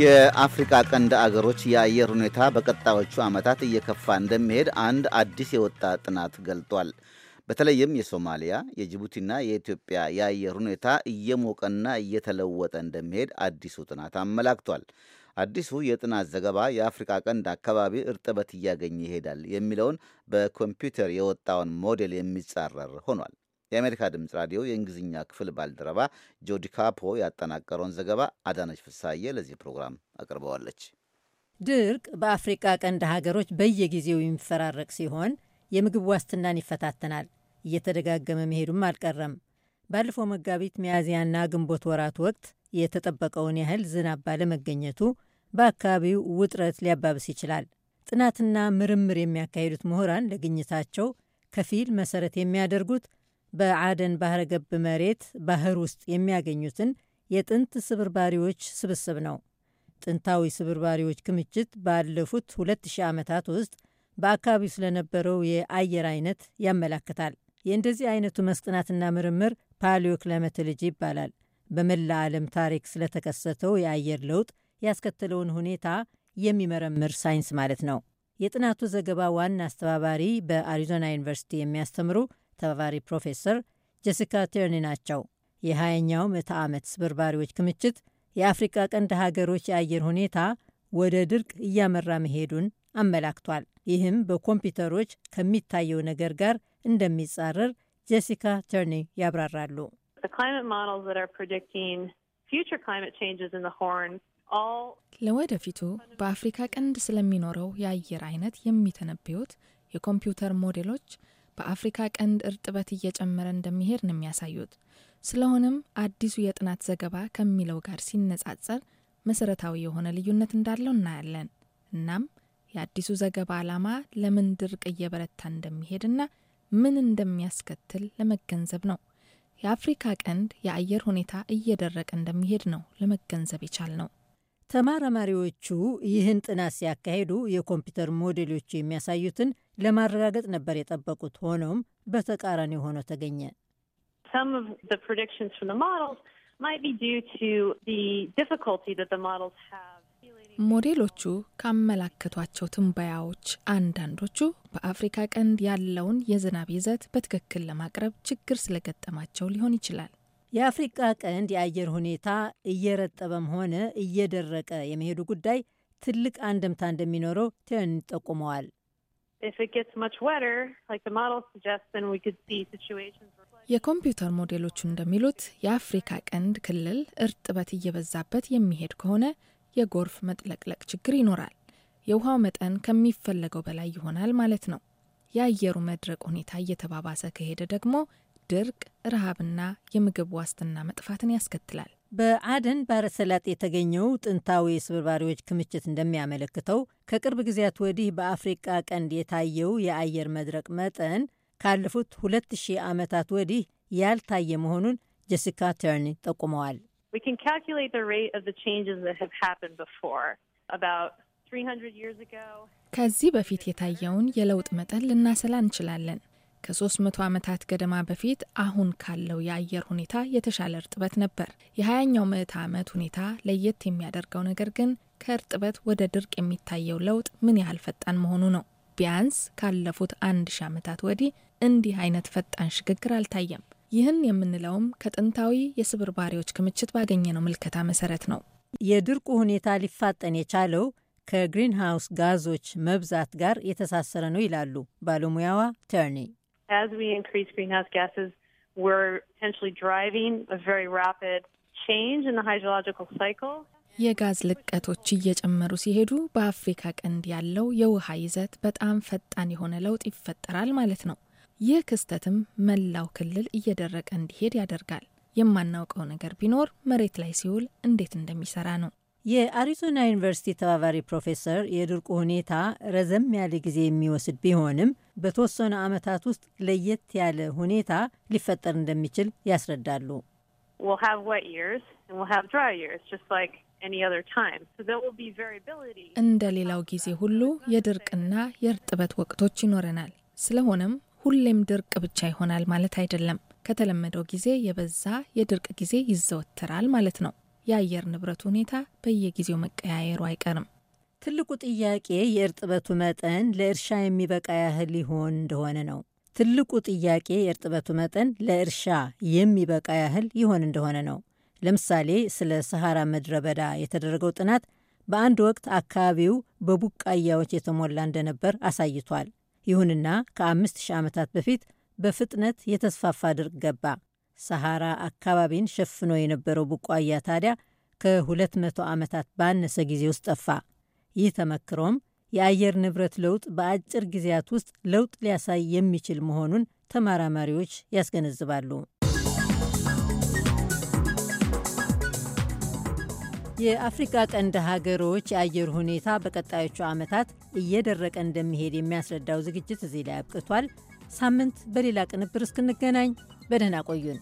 የአፍሪካ ቀንድ አገሮች የአየር ሁኔታ በቀጣዮቹ ዓመታት እየከፋ እንደሚሄድ አንድ አዲስ የወጣ ጥናት ገልጧል። በተለይም የሶማሊያ የጅቡቲና የኢትዮጵያ የአየር ሁኔታ እየሞቀና እየተለወጠ እንደሚሄድ አዲሱ ጥናት አመላክቷል። አዲሱ የጥናት ዘገባ የአፍሪካ ቀንድ አካባቢ እርጥበት እያገኘ ይሄዳል የሚለውን በኮምፒውተር የወጣውን ሞዴል የሚጻረር ሆኗል። የአሜሪካ ድምፅ ራዲዮ የእንግሊዝኛ ክፍል ባልደረባ ጆዲ ካፖ ያጠናቀረውን ዘገባ አዳነች ፍሳዬ ለዚህ ፕሮግራም አቅርበዋለች። ድርቅ በአፍሪቃ ቀንድ ሀገሮች በየጊዜው የሚፈራረቅ ሲሆን የምግብ ዋስትናን ይፈታተናል። እየተደጋገመ መሄዱም አልቀረም። ባለፈው መጋቢት፣ ሚያዝያና ግንቦት ወራት ወቅት የተጠበቀውን ያህል ዝናብ ባለመገኘቱ በአካባቢው ውጥረት ሊያባብስ ይችላል። ጥናትና ምርምር የሚያካሂዱት ምሁራን ለግኝታቸው ከፊል መሰረት የሚያደርጉት በአደን ባህረ ገብ መሬት ባህር ውስጥ የሚያገኙትን የጥንት ስብርባሪዎች ስብስብ ነው። ጥንታዊ ስብርባሪዎች ክምችት ባለፉት 2000 ዓመታት ውስጥ በአካባቢው ስለነበረው የአየር አይነት ያመላክታል። የእንደዚህ አይነቱ መስጥናትና ምርምር ፓሊዮ ይባላል። በመላ ዓለም ታሪክ ስለተከሰተው የአየር ለውጥ ያስከተለውን ሁኔታ የሚመረምር ሳይንስ ማለት ነው። የጥናቱ ዘገባ ዋና አስተባባሪ በአሪዞና ዩኒቨርሲቲ የሚያስተምሩ ተባባሪ ፕሮፌሰር ጀሲካ ተርኒ ናቸው። 2 ኛው ምዕተ ዓመት ስብርባሪዎች ክምችት የአፍሪቃ ቀንድ ሀገሮች የአየር ሁኔታ ወደ ድርቅ እያመራ መሄዱን አመላክቷል። ይህም በኮምፒውተሮች ከሚታየው ነገር ጋር እንደሚጻረር ጀሲካ ተርኒ ያብራራሉ። ለወደፊቱ በአፍሪካ ቀንድ ስለሚኖረው የአየር አይነት የሚተነብዩት የኮምፒውተር ሞዴሎች በአፍሪካ ቀንድ እርጥበት እየጨመረ እንደሚሄድ ነው የሚያሳዩት። ስለሆነም አዲሱ የጥናት ዘገባ ከሚለው ጋር ሲነጻጸር መሰረታዊ የሆነ ልዩነት እንዳለው እናያለን። እናም የአዲሱ ዘገባ ዓላማ ለምን ድርቅ እየበረታ እንደሚሄድና ምን እንደሚያስከትል ለመገንዘብ ነው። የአፍሪካ ቀንድ የአየር ሁኔታ እየደረቀ እንደሚሄድ ነው ለመገንዘብ የቻል ነው። ተማራማሪዎቹ ይህን ጥናት ሲያካሂዱ የኮምፒውተር ሞዴሎቹ የሚያሳዩትን ለማረጋገጥ ነበር የጠበቁት። ሆኖም በተቃራኒ ሆኖ ተገኘ። ሞዴሎቹ ካመላከቷቸው ትንበያዎች አንዳንዶቹ በአፍሪካ ቀንድ ያለውን የዝናብ ይዘት በትክክል ለማቅረብ ችግር ስለገጠማቸው ሊሆን ይችላል። የአፍሪቃ ቀንድ የአየር ሁኔታ እየረጠበም ሆነ እየደረቀ የመሄዱ ጉዳይ ትልቅ አንድምታ እንደሚኖረው ትን ጠቁመዋል። የኮምፒውተር ሞዴሎቹ እንደሚሉት የአፍሪካ ቀንድ ክልል እርጥበት እየበዛበት የሚሄድ ከሆነ የጎርፍ መጥለቅለቅ ችግር ይኖራል። የውሃው መጠን ከሚፈለገው በላይ ይሆናል ማለት ነው። የአየሩ መድረቅ ሁኔታ እየተባባሰ ከሄደ ደግሞ ድርቅ፣ ረሃብና የምግብ ዋስትና መጥፋትን ያስከትላል። በአደን ባረሰላጥ የተገኘው ጥንታዊ የስብርባሪዎች ክምችት እንደሚያመለክተው ከቅርብ ጊዜያት ወዲህ በአፍሪቃ ቀንድ የታየው የአየር መድረቅ መጠን ካለፉት 2000 ዓመታት ወዲህ ያልታየ መሆኑን ጀሲካ ተርኒ ጠቁመዋል። ከዚህ በፊት የታየውን የለውጥ መጠን ልናሰላ እንችላለን። ከ300 ዓመታት ገደማ በፊት አሁን ካለው የአየር ሁኔታ የተሻለ እርጥበት ነበር። የ20ኛው ምዕተ ዓመት ሁኔታ ለየት የሚያደርገው ነገር ግን ከእርጥበት ወደ ድርቅ የሚታየው ለውጥ ምን ያህል ፈጣን መሆኑ ነው። ቢያንስ ካለፉት አንድ ሺህ ዓመታት ወዲህ እንዲህ አይነት ፈጣን ሽግግር አልታየም። ይህን የምንለውም ከጥንታዊ የስብር ባሪዎች ክምችት ባገኘነው ምልከታ መሰረት ነው። የድርቁ ሁኔታ ሊፋጠን የቻለው ከግሪንሃውስ ጋዞች መብዛት ጋር የተሳሰረ ነው ይላሉ ባለሙያዋ ተርኒ። as we increase greenhouse gases, we're potentially driving a very rapid change in the hydrological cycle. የጋዝ ልቀቶች እየጨመሩ ሲሄዱ በአፍሪካ ቀንድ ያለው የውሃ ይዘት በጣም ፈጣን የሆነ ለውጥ ይፈጠራል ማለት ነው። ይህ ክስተትም መላው ክልል እየደረቀ እንዲሄድ ያደርጋል። የማናውቀው ነገር ቢኖር መሬት ላይ ሲውል እንዴት እንደሚሰራ ነው። የአሪዞና ዩኒቨርሲቲ ተባባሪ ፕሮፌሰር የድርቁ ሁኔታ ረዘም ያለ ጊዜ የሚወስድ ቢሆንም በተወሰኑ ዓመታት ውስጥ ለየት ያለ ሁኔታ ሊፈጠር እንደሚችል ያስረዳሉ። እንደ ሌላው ጊዜ ሁሉ የድርቅና የእርጥበት ወቅቶች ይኖረናል። ስለሆነም ሁሌም ድርቅ ብቻ ይሆናል ማለት አይደለም። ከተለመደው ጊዜ የበዛ የድርቅ ጊዜ ይዘወተራል ማለት ነው። የአየር ንብረት ሁኔታ በየጊዜው መቀያየሩ አይቀርም። ትልቁ ጥያቄ የእርጥበቱ መጠን ለእርሻ የሚበቃ ያህል ሊሆን እንደሆነ ነው። ትልቁ ጥያቄ የእርጥበቱ መጠን ለእርሻ የሚበቃ ያህል ይሆን እንደሆነ ነው። ለምሳሌ ስለ ሰሐራ ምድረ በዳ የተደረገው ጥናት በአንድ ወቅት አካባቢው በቡቃያዎች የተሞላ እንደነበር አሳይቷል። ይሁንና ከአምስት ሺህ ዓመታት በፊት በፍጥነት የተስፋፋ ድርቅ ገባ። ሰሐራ አካባቢን ሸፍኖ የነበረው ቡቋያ ታዲያ ከ200 ዓመታት ባነሰ ጊዜ ውስጥ ጠፋ። ይህ ተመክሮም የአየር ንብረት ለውጥ በአጭር ጊዜያት ውስጥ ለውጥ ሊያሳይ የሚችል መሆኑን ተመራማሪዎች ያስገነዝባሉ። የአፍሪካ ቀንድ ሀገሮች የአየር ሁኔታ በቀጣዮቹ ዓመታት እየደረቀ እንደሚሄድ የሚያስረዳው ዝግጅት እዚህ ላይ አብቅቷል። ሳምንት በሌላ ቅንብር እስክንገናኝ በደህና ቆዩን።